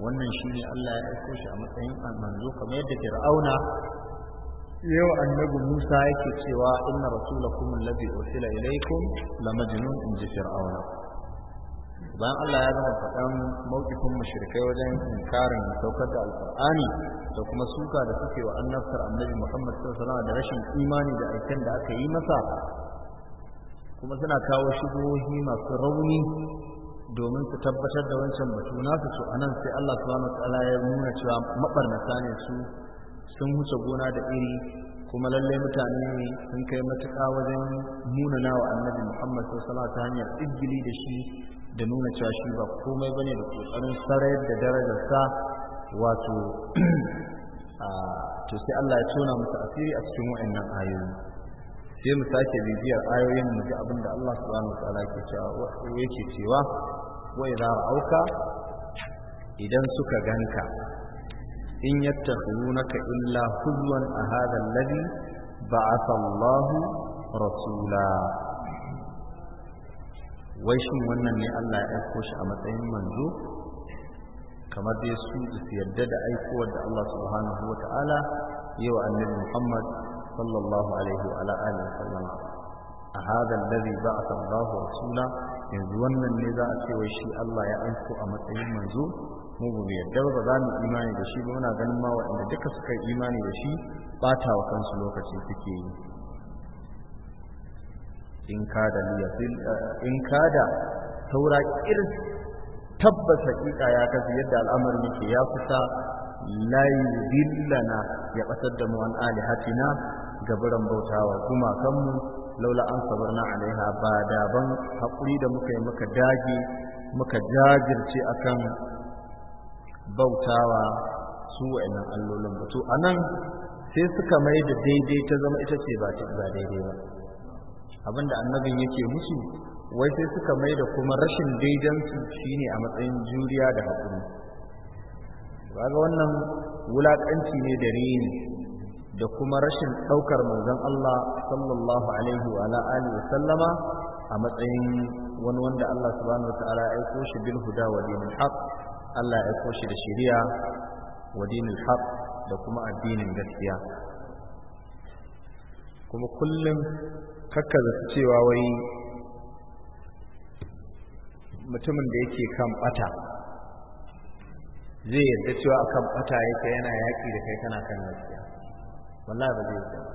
wannan shine Allah ya aiko shi a matsayin manzo kamar yadda Fir'auna yau annabi Musa yake cewa inna rasulakum alladhi ursila ilaykum la majnun in ji Fir'auna bayan Allah ya zama faɗan mawkifin mushrikai wajen inkarin saukar da alqur'ani da kuma suka da suke wa annabtar annabi Muhammad sallallahu alaihi wasallam da rashin imani da aikin da aka yi masa kuma suna kawo shigohi masu rauni domin su tabbatar da wancan batu nasu su a nan, sai Allah wani tsala ya nuna cewa mabarnata ne su sun wuce gona da iri kuma lallai mutane ne sun kai matuka wajen nuna wa annabi Muhammad sallallahu ta hanyar ɗigili da shi da nuna cewa shi ba komai bane da ƙoƙarin sarayar da sa wato to sai Allah ya tona musu asiri a cikin wa'annan ayoyi sai mu sake bibiyar ayoyin mu ga abin Allah subhanahu wa ta'ala yake cewa Wai za idza auka? idan suka ganka in yattakhununaka illa huzwan a hadha alladhi ba'atha Allah rasula wai shin wannan ne Allah ya aiko shi a matsayin manzo kamar dai su yadda da aikowar da Allah subhanahu wa ta'ala yau annabi Muhammad sallallahu alaihi wa ala alihi A sallam a hadha alladhi ba'atha Allah rasula yanzu wannan ne za a cewa shi Allah ya aiko a matsayin manzo mu mu yarda ba za mu imani da shi ba muna ganin ma waɗanda duka suka yi imani da shi ta wa kansu lokaci suke yi in kada liyafil eh, in kada saura kir tabbas hakika ya kasu yadda al'amarin yake ya kusa la yudillana ya batar da mu an alihatina gabaran bautawa kuma kanmu. laula an sabarna alaiha ba da ban haƙuri da muka yi muka dage muka jajirce akan bautawa su wa'annan allolin ba to anan sai suka mai da daidai ta zama ita ce ba ba daidai ba abinda annabin yake musu wai sai suka mai da kuma rashin daidansu shine a matsayin juriya da haƙuri ba ga wannan wulaƙanci ne da rini da kuma rashin ɗaukar manzon Allah sallallahu alaihi wa ala alihi sallama a matsayin wani wanda Allah subhanahu wa ta'ala ya aiko shi bil huda wa dinil haq Allah ya aiko shi da shari'a wa dinil haq da kuma addinin gaskiya kuma kullum su cewa wai mutumin da yake kan bata zai yarda cewa akan ɓata yake yana yaƙi da kai kana kan gaskiya wallahi ba zai ba.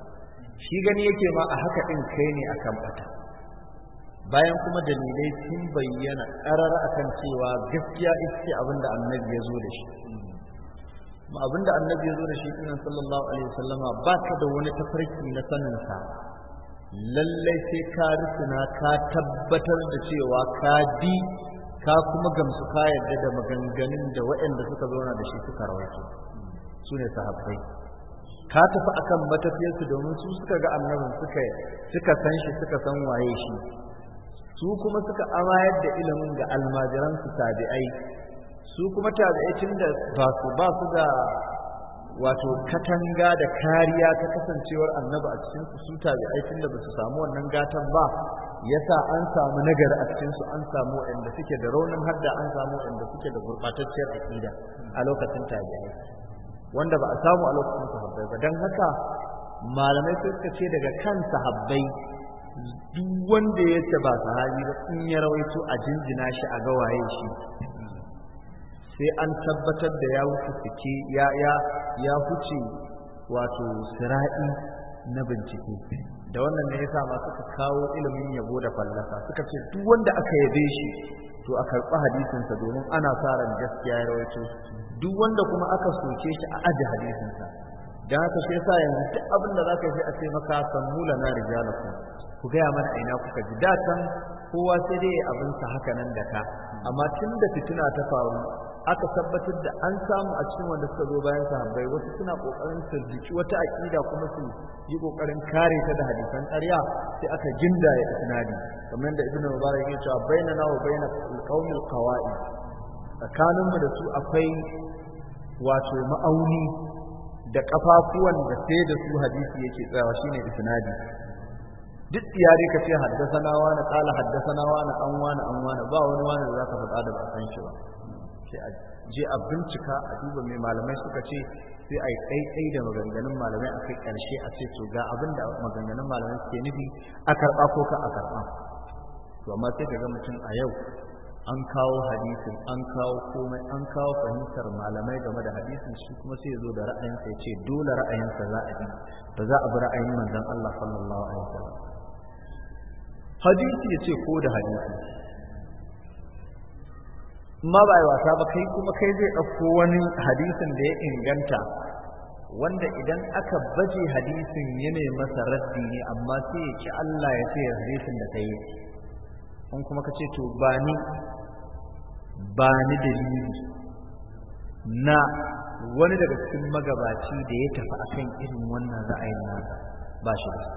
shi gani yake ma a haka ɗin kai ne akan fata bayan kuma dalilai sun bayyana karar akan cewa gaskiya ita abinda annabi ya zo da shi ma abinda annabi ya zo da shi sunan sallallahu alaihi wasallama ba ka da wani tafarki na sanin sa lallai sai ka rusuna ka tabbatar da cewa ka bi ka kuma gamsu ka yarda da maganganun da waɗanda suka zauna da shi suka rawaito su ne sahabbai ka tafi akan matafiyarsu domin su suka ga annabin suka san shi suka san waye shi su kuma suka amayar da ilimin ga almajiran su tabi'ai su kuma tabi'ai tun da ba su ba su da wato katanga da kariya ta kasancewar annabi a cikin su su tabi'ai tun da ba su samu wannan gatan ba yasa an samu nagari a cikin su an samu waɗanda suke da raunin hadda an samu waɗanda suke da gurbatacciyar tsida a lokacin tabi'ai wanda ba a samu a lokacin sahabbai ba don haka malamai sai suka ce daga kan sahabbai duk wanda ya ce ba sahabi ba in ya rawaito a jinjina shi a gawaye shi sai an tabbatar da ya wuce fice ya ya huce wato sira'i na bincike da wannan ne yasa masu suka kawo ilimin yabo da fallafa suka ce duk wanda aka yabe shi to a karɓi hadisinsa domin ana sa ran gaskiya ya rawaito duk wanda kuma aka soke shi a aji hadisinsa da haka shi yasa yanzu duk abin da za ka yi a ce maka sammu na rijalakum ku gaya mana ina kuka ji da can kowa sai dai abin sa haka nan da ka amma tun da fituna ta faru aka tabbatar da an samu a cikin wanda suka zo bayan sahabbai wasu suna kokarin su jiki wata aqida kuma su yi kokarin kare ta da hadisan ƙarya sai aka ya tunani kamar da ibnu mubarak ya ce bainana wa bainal qaumil qawaid tsakaninmu da su akwai wato ma'auni da kafafuwan da sai da su hadisi yake tsayawa shine isnadi duk yare ka ce haddasana wani haddasa haddasana wani an wani an wani ba wani wani da ka faɗa da ba san shi ba sai a je a bincika a duba mai malamai suka ce sai a yi ɗaiɗai da maganganun malamai a kai ƙarshe a ce to ga abin da maganganun malamai suke nufi a karɓa ko ka a karɓa to amma sai ka ga mutum a yau an kawo hadisin an kawo komai an kawo fahimtar malamai game da hadisin shi kuma sai zo da ra'ayinsa ya ce dole ra'ayinsa za a bi ba za a bi ra'ayin manzon Allah sallallahu alaihi wasallam hadisi ya ce ko da hadisi ma ba wasa ba kai kuma kai zai ɗauko wani hadisin da ya inganta wanda idan aka baje hadisin ya masa raddi ne amma sai ya ci Allah ya ce hadisin da ta in kuma ka ce to ba ni ba ni dalili na wani daga cikin magabaci da ya tafi a kan irin wannan ra'ayin nasa ba shi da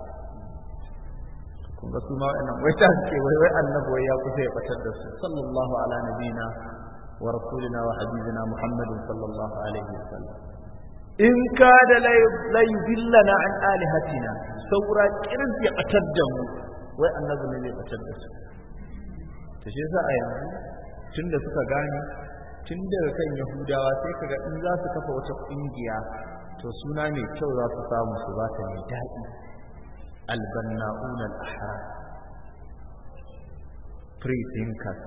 kun ga su ma wa'annan wai ta ce wai wai annabi wai ya kusa ya batar da su sallallahu ala nabina wa rasulina wa habibina muhammadin sallallahu alaihi wasallam in ka da la yudillana an alihatina saura kirin ya batar da mu wai annabi ne zai batar da su ta shi za a yanzu tun da suka gane tun daga kan yahudawa sai ka in za su kafa wata ƙungiya to suna mai kyau za su samu su ba ta mai daɗi albanna'un al'ahara pre-thinkers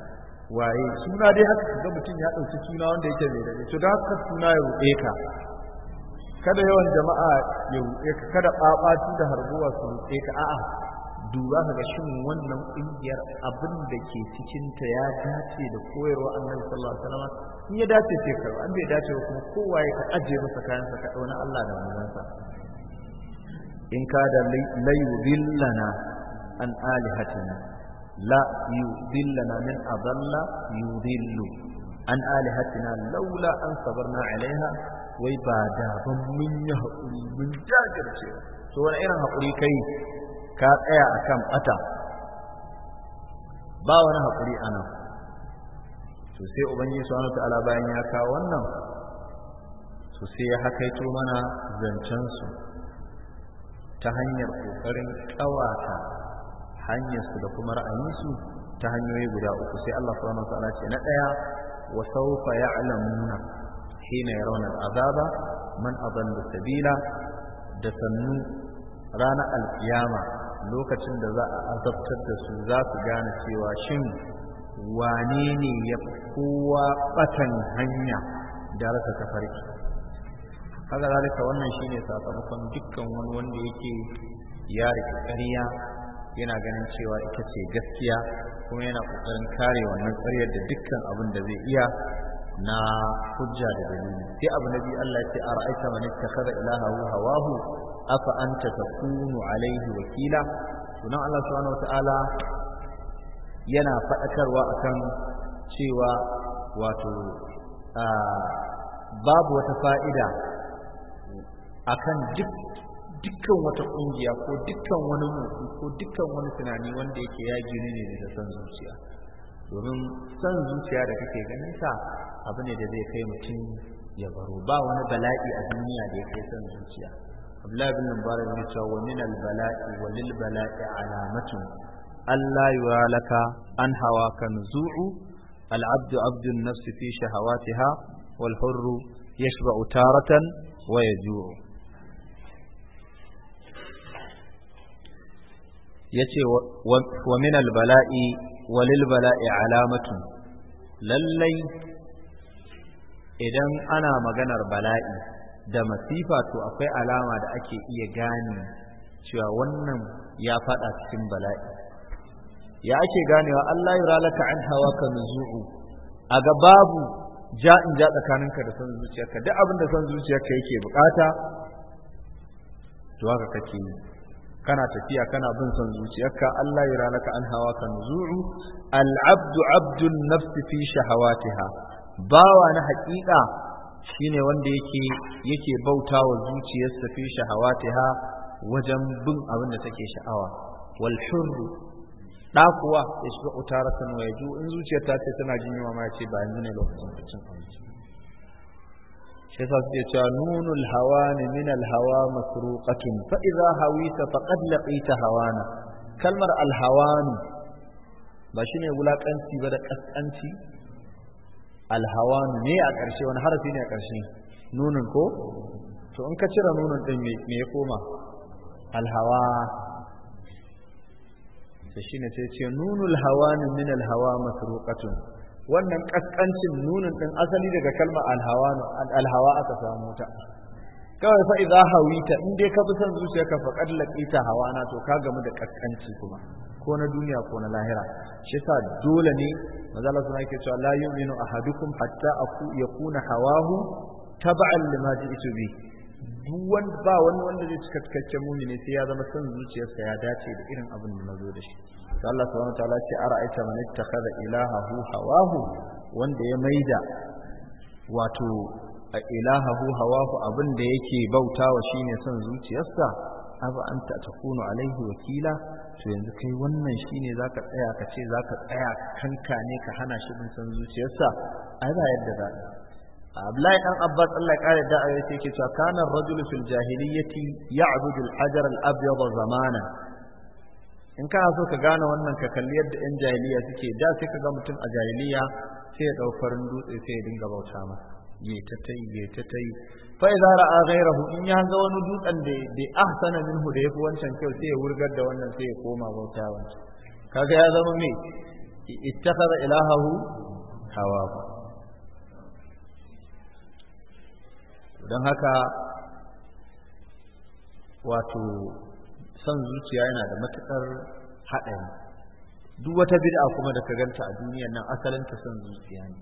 waye suna dai haka ga mutum ya ɗauki suna wanda yake mai daɗi to da haka suna ya ruɗe ka kada yawan jama'a ya ruɗe ka kada ɓaɓatu da harbuwa su ruɗe ka a'a duba ka ga shin wannan kungiyar abin da ke cikinta ya dace da koyarwa annabi sallallahu alaihi wasallam in ya dace sai ka an bai dace kuma kowa ya aje masa kayan sa ka dauna Allah da manzansa in ka da layudillana an alihatina la yudillana min adalla yudillu an alihatina laula an sabarna alaiha wai ba da ban mun yi haƙuri mun jajirce to wani irin haƙuri kai ka tsaya kan bata ba wani haƙuri a nan sai ubangiji subhanahu ta'ala bayan ya kawo wannan Su sai ya hakaito mana zancensu ta hanyar ƙoƙarin ƙawata hanyarsu da kuma ra'ayinsu ta hanyoyi guda uku sai Allah subhanahu ta'ala ce na ɗaya wa alamuna shi hina yarawna azaba, man abin da sabila da sannu ranar alkiyama lokacin da za a azabtar da su za su gane cewa shin wane ne ya kowa batan hanya da rasa tafarki haka zalika wannan shine sakamakon dukkan wani wanda yake ya rike ƙarya yana ganin cewa ita ce gaskiya kuma yana ƙoƙarin kare wannan ƙaryar da dukkan abin da zai iya na hujja da dalili sai abu na biyu Allah ya ce wani man Ilaha, ilahahu hawahu afa anta takunu alaihi wakila sunan Allah subhanahu Ta'ala, yana faɗakarwa akan cewa wato babu wata fa'ida akan duk dukkan wata ƙungiya ko dukkan wani mutu ko dukkan wani tunani wanda yake ya gini ne da san zuciya domin san zuciya da kake ganin sa abu ne da zai kai mutum ya baro ba wani bala'i a duniya da ya kai san zuciya abdullahi bin labarin ya ce wa bala'i wa Allah yi halaka an hawa kan zu'u al'abdu abdun nafsi fi shahawatiha wal hurru yashba utaratan wa ya zu'u ya ce wa minal bala'i wa bala'i alamatun lallai idan ana maganar bala'i da masifa to akwai alama da ake iya gane cewa wannan ya fada cikin bala'i ya ake ganewa Allah yura laka an hawa ka nuzu'u a ga babu ja ja tsakaninka da son zuciyarka duk abin da son zuciyarka yake bukata to haka kake kana tafiya kana bin son zuciyarka Allah yura laka an hawa ka nuzu'u al abdu abdun nafsi fi shahawatiha bawa na haƙiƙa shine wanda yake yake bauta wa zuciyarsa fi shahawatiha wajen bin abin da take sha'awa wal hurru dakuwa kuwa utaratan wa yaju in zuciyar ta ce tana jin yawa ma ya ce ba yanzu ne lokacin cin abinci shi yasa suke cewa nunul hawani min al hawa masruqatun fa idha hawita faqad laqita hawana kalmar al hawani ba shine wulakanci ba da kasanci alhawan ne a ƙarshe wani harafi ne a ƙarshe nunin ko to in ka cire nunin ɗin me ya koma alhawa da shi ne sai ce nunul hawanin min alhawa masruqatun wannan kaskancin nunin ɗin asali daga kalmar alhawa aka samu ta kawai fa idza hawita in dai ka bi san ka fa qad hawa na to ka gamu da kaskanci kuma ko na duniya ko na lahira shi yasa dole ne manzo Allah yake cewa la yu'minu ahadukum hatta aku yakuna hawahu tab'an lima ji'tu bi duwan ba wani wanda zai cika cikakken mumini sai ya zama san zuciyarsa ya dace da irin abin da nazo da shi to Allah subhanahu wataala ce ara'aita man ittakhadha ilahahu hawahu wanda ya maida wato a ilahahu hawahu abin da yake bauta wa shine son zuciyarsa aba anta takunu alaihi wakila to yanzu kai wannan shine zaka tsaya ka ce zaka tsaya kanka ne ka hana shi bin son zuciyarsa A ba yadda za Abdullahi dan Abbas Allah kare da ayoyi sai yake cewa kana rajul fil jahiliyyati ya'budu al-hajar al-abyad zamana in kana so ka gane wannan ka kalli yadda yan jahiliya suke da sai ka ga mutum a jahiliya sai ya dau farin dutse sai ya dinga bauta masa ya ta tai ya ta tai fa idza ra'a ghayrahu in ya ga wani dutsen da da ahsana minhu da yafi wancan kyau sai ya wurgar da wannan sai ya koma bauta wancan kaga ya zama me ittakhadha ilahahu hawa don haka wato son zuciya yana da matukar haɗari duk wata bid'a kuma da ka ganta a duniyar nan asalin ta son zuciya ne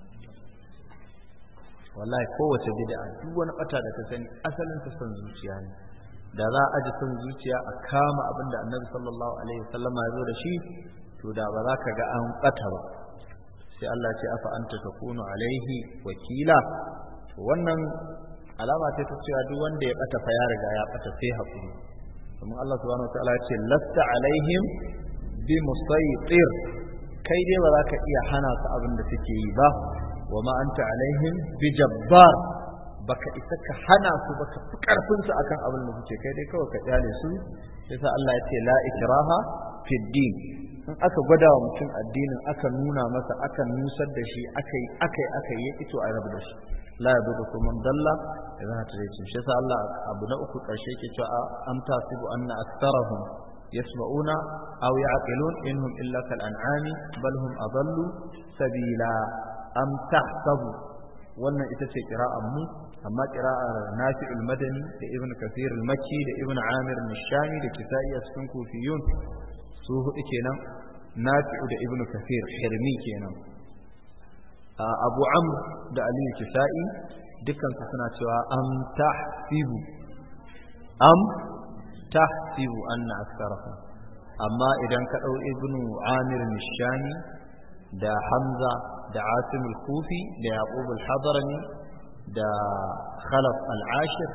wallahi kowace bid'a duk wani bata da ta sani asalin ta san zuciya ne da za a ji son zuciya a kama abinda annabi sallallahu alaihi wasallam ya zo da shi to da ba za ka ga an bata ba sai Allah ce afa anta takunu alaihi wakila to wannan alama ce ta cewa duk wanda ya bata fa ya riga ya bata sai hakuri kuma Allah subhanahu wataala ya ce lasta alaihim bi musaytir kai dai ba za ka iya hana su abin da suke yi ba wa ma anta alaihim baka isa ka hana su baka fi karfin su akan abin da kuke kai dai kawai ka tsale su sai sa Allah ya ce la ikraha fi din in aka gwada wa mutum addinin aka nuna masa aka nusar da shi aka yi aka yi aka yi ito a rabu da shi la yadurru man dalla idan ta ce shi sa Allah abu na uku karshe yake cewa am tasibu anna aktharahum yasma'una aw ya'qilun innahum illa kal an'ami bal hum adallu sabila am tahsabu wannan ita ce qira'ar mu amma qira'ar al Madani da Ibn Kathir al-Makki da Ibn Amir al-Shami da Kisa'i a cikin Kufiyun su hudu kenan nafi da Ibn Kathir Hirmi kenan Abu Amr da Ali Kisa'i dukkan su suna cewa am tahsibu am tahsibu anna aktharahum amma idan ka ɗau ibn amir nishani da hamza da asim al-kufi da yaqub al-hadrami da khalaf al-ashir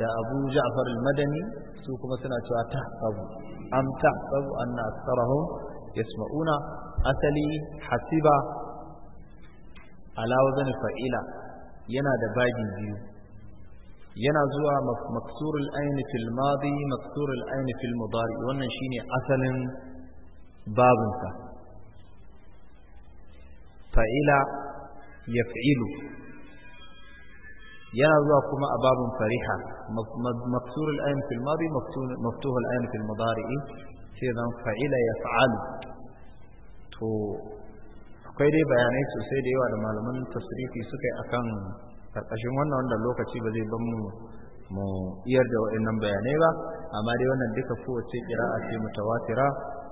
da abu ja'far al-madani su kuma suna cewa tahsabu am tahsabu anna aktharahum yasma'una asali hasiba ala wazn fa'ila yana da baji biyu yana zuwa maksur al-ayn fil madi maksur al-ayn fil mudari wannan shine asalin babinsa fa'ila ya fi'ilu yana zuwa kuma a babin fariha mafsur al'ayin fil madi maftuh al'ayin fil mudari'i sai zan fa'ila ya fa'alu to akwai dai bayanai sosai da yawa da malaman tasiriki suka yi akan karkashin wannan wanda lokaci ba zai ban mu mu iyar da waɗannan bayanai ba amma dai wannan duka kowace a ce mutawatira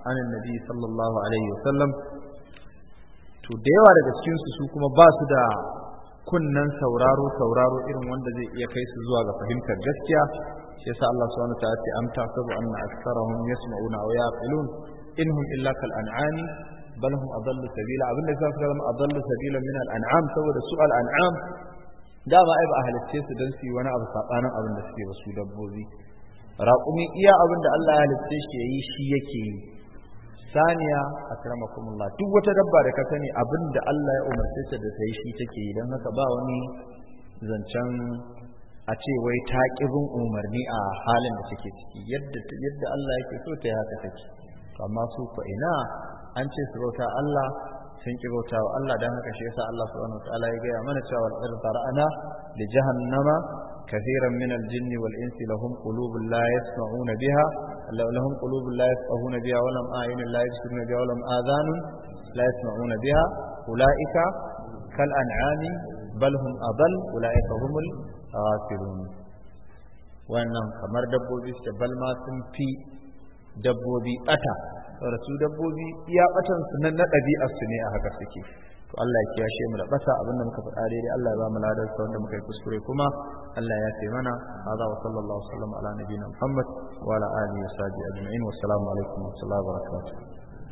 an annabi sallallahu alaihi wasallam to da yawa daga cikinsu su kuma ba su da kunnen sauraro sauraro irin wanda zai iya kai su zuwa ga fahimtar gaskiya shi yasa Allah subhanahu wa ta'ala ya amta sabu anna aktharahum yasma'una wa yaqilun inhum illa kal an'ami bal hum adallu sabila abinda yasa suka zama adallu sabila min al an'am saboda su al an'am dama ai ba a halicce su dan su yi wani abu sabanin abin da suke ba su dabbobi raƙumi iya abin da Allah ya halicce shi yayi shi yake yi saniya a akramakumullah duk wata dabba da ka sani abin da Allah ya umarce ta da sai shi take yi don haka ba wani zancen a ce wai ta ƙibin umarni a halin da take ciki yadda Allah yake so ta yi haka take amma su ko ina an ce su bauta Allah sun ki Allah don haka shi yasa Allah subhanahu wa ta'ala ya gaya mana cewa al da li jahannama كثيرا من الجن والإنس لهم قلوب لا يسمعون بها لهم قلوب لا يفقهون بها ولم أعين لا يبصرون بها ولم آذان لا يسمعون بها أولئك كالأنعام بل هم أضل أولئك هم الغافلون وأنهم كمر دبوبي بل ما في دبوبي أتى rasu dabbobi iya batan su nan na ɗabi'ar su ne a haka suke Allah ya kiyashe mu da bata abinda muka faɗa daidai Allah ya ba mu ladar sa wanda muka yi kuskure kuma Allah ya fi mana hada wa sallallahu alaihi wa sallam ala nabiyina Muhammad wa ala alihi wa sahbihi ajma'in wa assalamu alaikum wa rahmatullahi wa barakatuh